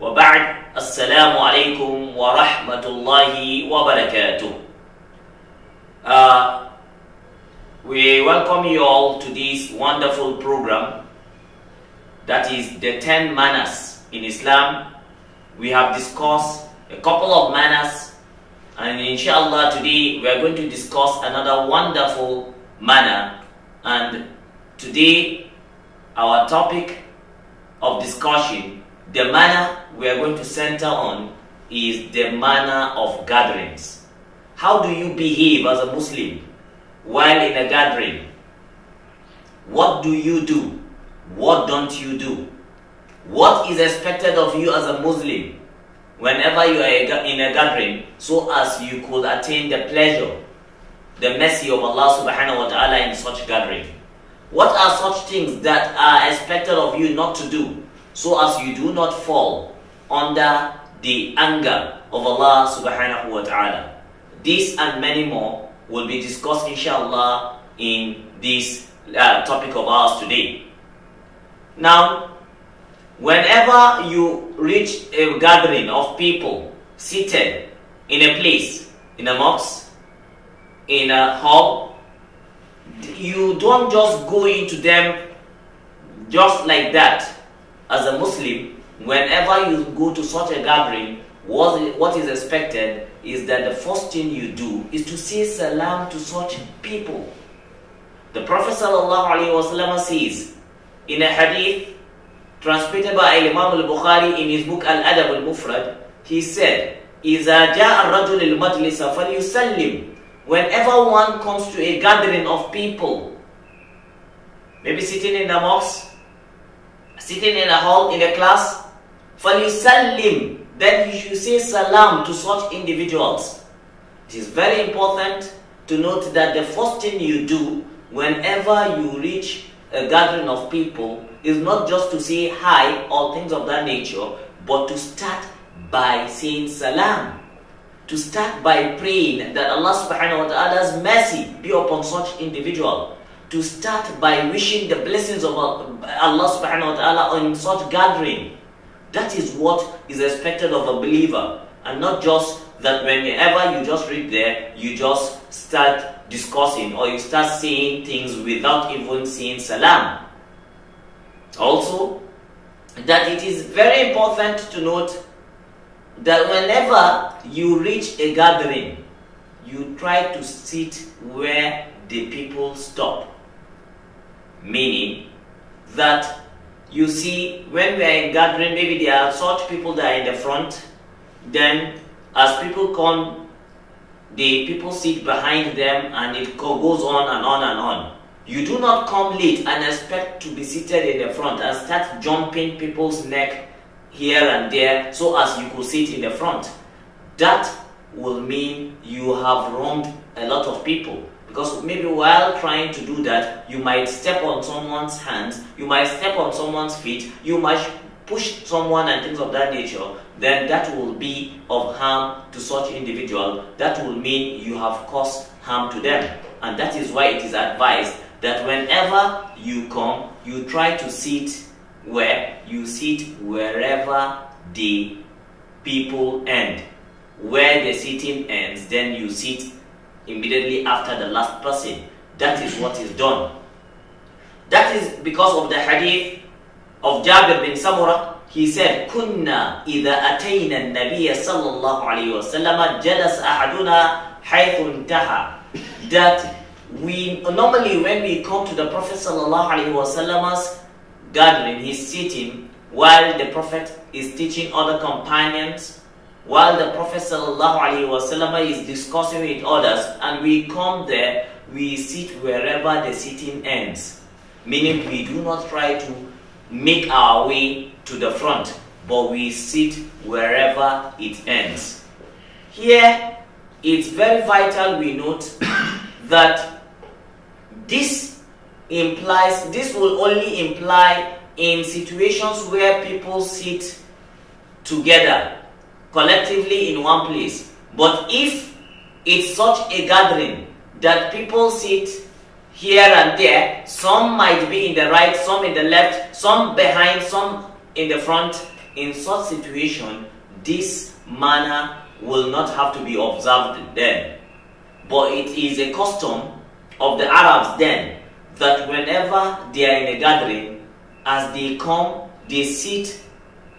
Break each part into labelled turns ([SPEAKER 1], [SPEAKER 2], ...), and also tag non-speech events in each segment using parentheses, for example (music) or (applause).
[SPEAKER 1] وبعد السلام عليكم ورحمة الله وبركاته uh, We welcome you all to this wonderful program that is the 10 manners in Islam. We have discussed a couple of manners and inshallah today we are going to discuss another wonderful manner and today our topic of discussion, the manner we are going to center on is the manner of gatherings. How do you behave as a Muslim while in a gathering? What do you do? What don't you do? What is expected of you as a Muslim whenever you are in a gathering so as you could attain the pleasure, the mercy of Allah subhanahu wa ta'ala in such gathering? What are such things that are expected of you not to do so as you do not fall under the anger of Allah subhanahu wa ta'ala. This and many more will be discussed inshallah in this uh, topic of ours today. Now, whenever you reach a gathering of people seated in a place, in a mosque, in a hall, you don't just go into them just like that as a Muslim Whenever you go to such a gathering, what, what is expected is that the first thing you do is to say salam to such people. The Prophet ﷺ says in a hadith transmitted by Imam al-Bukhari in his book Al-Adab al-Mufrad, he said, إِذَا جَاءَ الرَّجُلِ you فَلْيُسَلِّمْ Whenever one comes to a gathering of people, maybe sitting in a mosque, sitting in a hall, in a class, فَلِسَلِّمْ Then you should say salam to such individuals. It is very important to note that the first thing you do whenever you reach a gathering of people is not just to say hi or things of that nature, but to start by saying salam. To start by praying that Allah subhanahu wa ta'ala's mercy be upon such individual. To start by wishing the blessings of Allah subhanahu wa ta'ala on such gathering. That is what is expected of a believer. And not just that whenever you just read there, you just start discussing or you start saying things without even saying salam. Also, that it is very important to note that whenever you reach a gathering, you try to sit where the people stop. Meaning that you see when we are in gathering maybe there are such people that are in the front then as people come the people sit behind them and it goes on and on and on you do not come late and expect to be seated in the front and start jumping people's neck here and there so as you could sit in the front that will mean you have wronged a lot of people because maybe while trying to do that, you might step on someone's hands, you might step on someone's feet, you might push someone and things of that nature, then that will be of harm to such individual. That will mean you have caused harm to them. And that is why it is advised that whenever you come, you try to sit where you sit wherever the people end. Where the sitting ends, then you sit immediately after the last person. That is what is done. That is because of the hadith of Jabir bin Samurah. He said, "Kunna ida atayna النبي صلى Salallahu عليه Wasallam. جلس أحدنا حيث انتهى. That we normally when we come to the Prophet sallallahu alaihi wasallam's gathering, he's sitting while the Prophet is teaching other companions while the Prophet ﷺ is discussing with others and we come there, we sit wherever the sitting ends. Meaning we do not try to make our way to the front, but we sit wherever it ends. Here, it's very vital we note (coughs) that this implies, this will only imply in situations where people sit together collectively in one place. But if it's such a gathering that people sit here and there, some might be in the right, some in the left, some behind, some in the front, in such situation, this manner will not have to be observed then. But it is a custom of the Arabs then that whenever they are in a gathering, as they come, they sit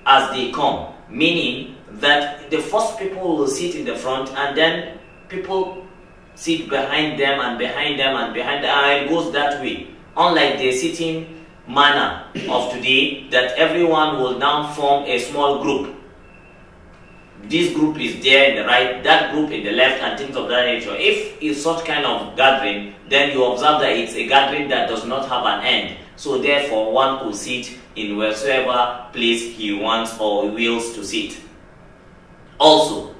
[SPEAKER 1] as they come. Meaning, that the first people will sit in the front and then people sit behind them and behind them and behind them and ah, it goes that way. Unlike the sitting manner of today that everyone will now form a small group. This group is there in the right, that group in the left and things of that nature. If it's such kind of gathering, then you observe that it's a gathering that does not have an end. So therefore one will sit in wheresoever place he wants or wills to sit also.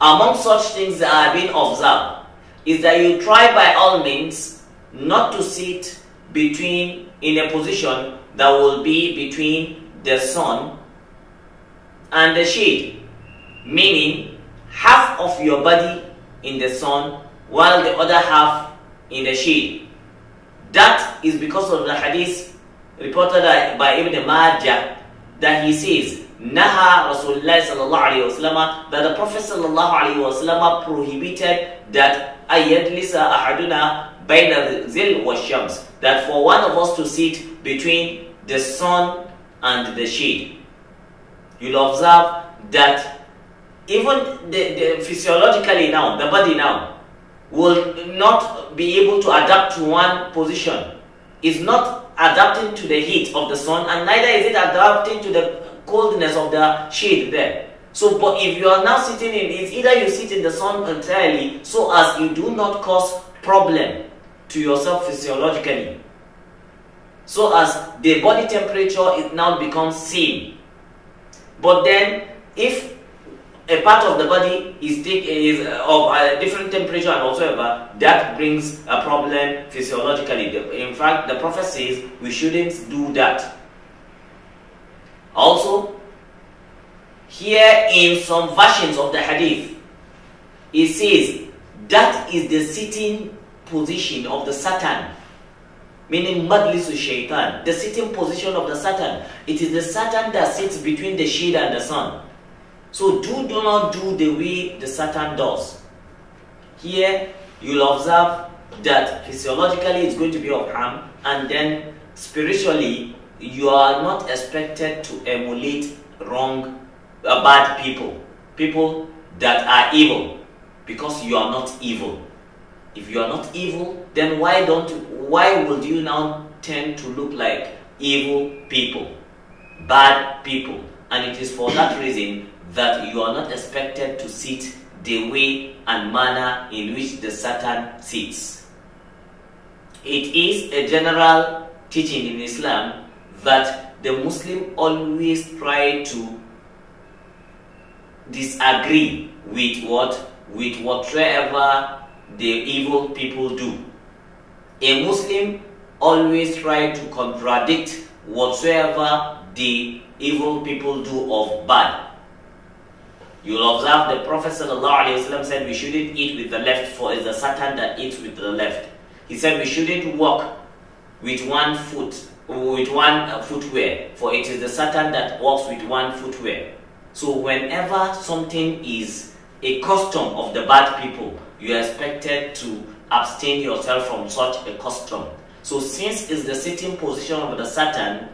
[SPEAKER 1] Among such things that have been observed is that you try by all means not to sit between in a position that will be between the sun and the shade, meaning half of your body in the sun while the other half in the shade. That is because of the hadith reported by Ibn Majah that he says Naha Rasulullah sallallahu alayhi wasallam that the Prophet sallallahu alayhi wasallam prohibited that ayadlisa ahaduna bayna zil wa shams that for one of us to sit between the sun and the shade. You'll observe that even the, the physiologically now, the body now, will not be able to adapt to one position. It's not adapting to the heat of the sun and neither is it adapting to the coldness of the shade there. So, but if you are now sitting in, it's either you sit in the sun entirely so as you do not cause problem to yourself physiologically. So as the body temperature it now becomes same. But then if a part of the body is, is uh, of a different temperature and whatsoever, that brings a problem physiologically. In fact, the prophet says we shouldn't do that. Also, here in some versions of the hadith, it says that is the sitting position of the Satan, meaning Madlisu Shaitan, the sitting position of the Satan. It is the Satan that sits between the shade and the sun. So do, do not do the way the Satan does. Here, you'll observe that physiologically it's going to be of harm, and then spiritually you are not expected to emulate wrong, uh, bad people, people that are evil, because you are not evil. If you are not evil, then why don't, why would you now tend to look like evil people, bad people? And it is for that reason that you are not expected to sit the way and manner in which the Satan sits. It is a general teaching in Islam that the Muslim always try to disagree with what with whatever the evil people do. A Muslim always try to contradict whatsoever the evil people do of bad. You'll observe the Prophet ﷺ said we shouldn't eat with the left for it's the Satan that eats with the left. He said we shouldn't walk with one foot with one uh, footwear, for it is the Satan that walks with one footwear. So whenever something is a custom of the bad people, you are expected to abstain yourself from such a custom. So since it's the sitting position of the Satan,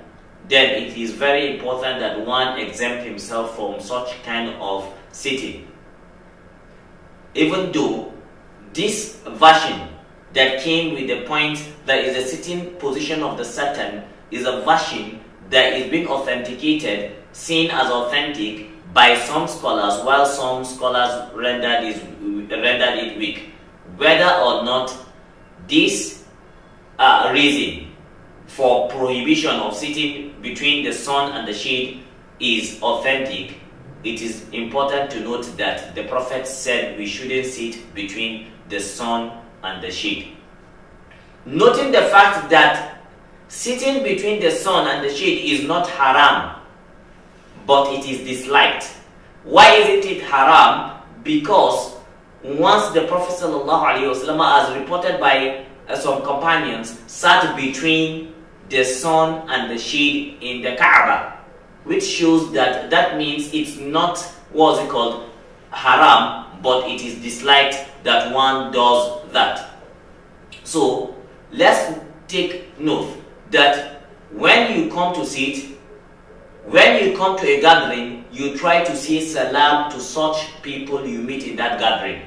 [SPEAKER 1] then it is very important that one exempt himself from such kind of sitting. Even though this version that came with the point that is a sitting position of the Saturn is a version that is being authenticated, seen as authentic by some scholars, while some scholars rendered it, rendered it weak. Whether or not this uh, reason for prohibition of sitting between the sun and the shade is authentic, it is important to note that the Prophet said we shouldn't sit between the sun and the shade. Noting the fact that sitting between the sun and the shade is not haram, but it is disliked. Why isn't it haram? Because once the Prophet wasallam as reported by uh, some companions, sat between the sun and the shade in the Kaaba, which shows that that means it's not, what's it called, haram, but it is disliked that one does that. So let's take note that when you come to sit, when you come to a gathering, you try to say salam to such people you meet in that gathering.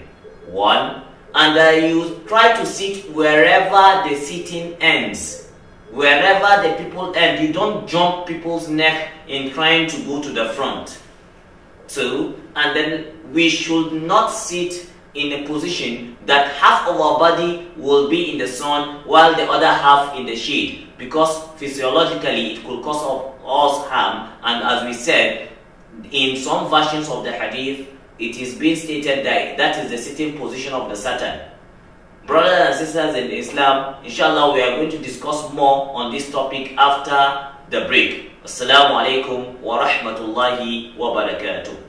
[SPEAKER 1] One, and uh, you try to sit wherever the sitting ends wherever the people end you don't jump people's neck in trying to go to the front two, and then we should not sit in a position that half of our body will be in the sun while the other half in the shade because physiologically it could cause us harm and as we said in some versions of the hadith it is being stated that that is the sitting position of the Satan. Brothers and sisters in Islam, inshallah we are going to discuss more on this topic after the break. Assalamu alaikum wa rahmatullahi wa barakatuh.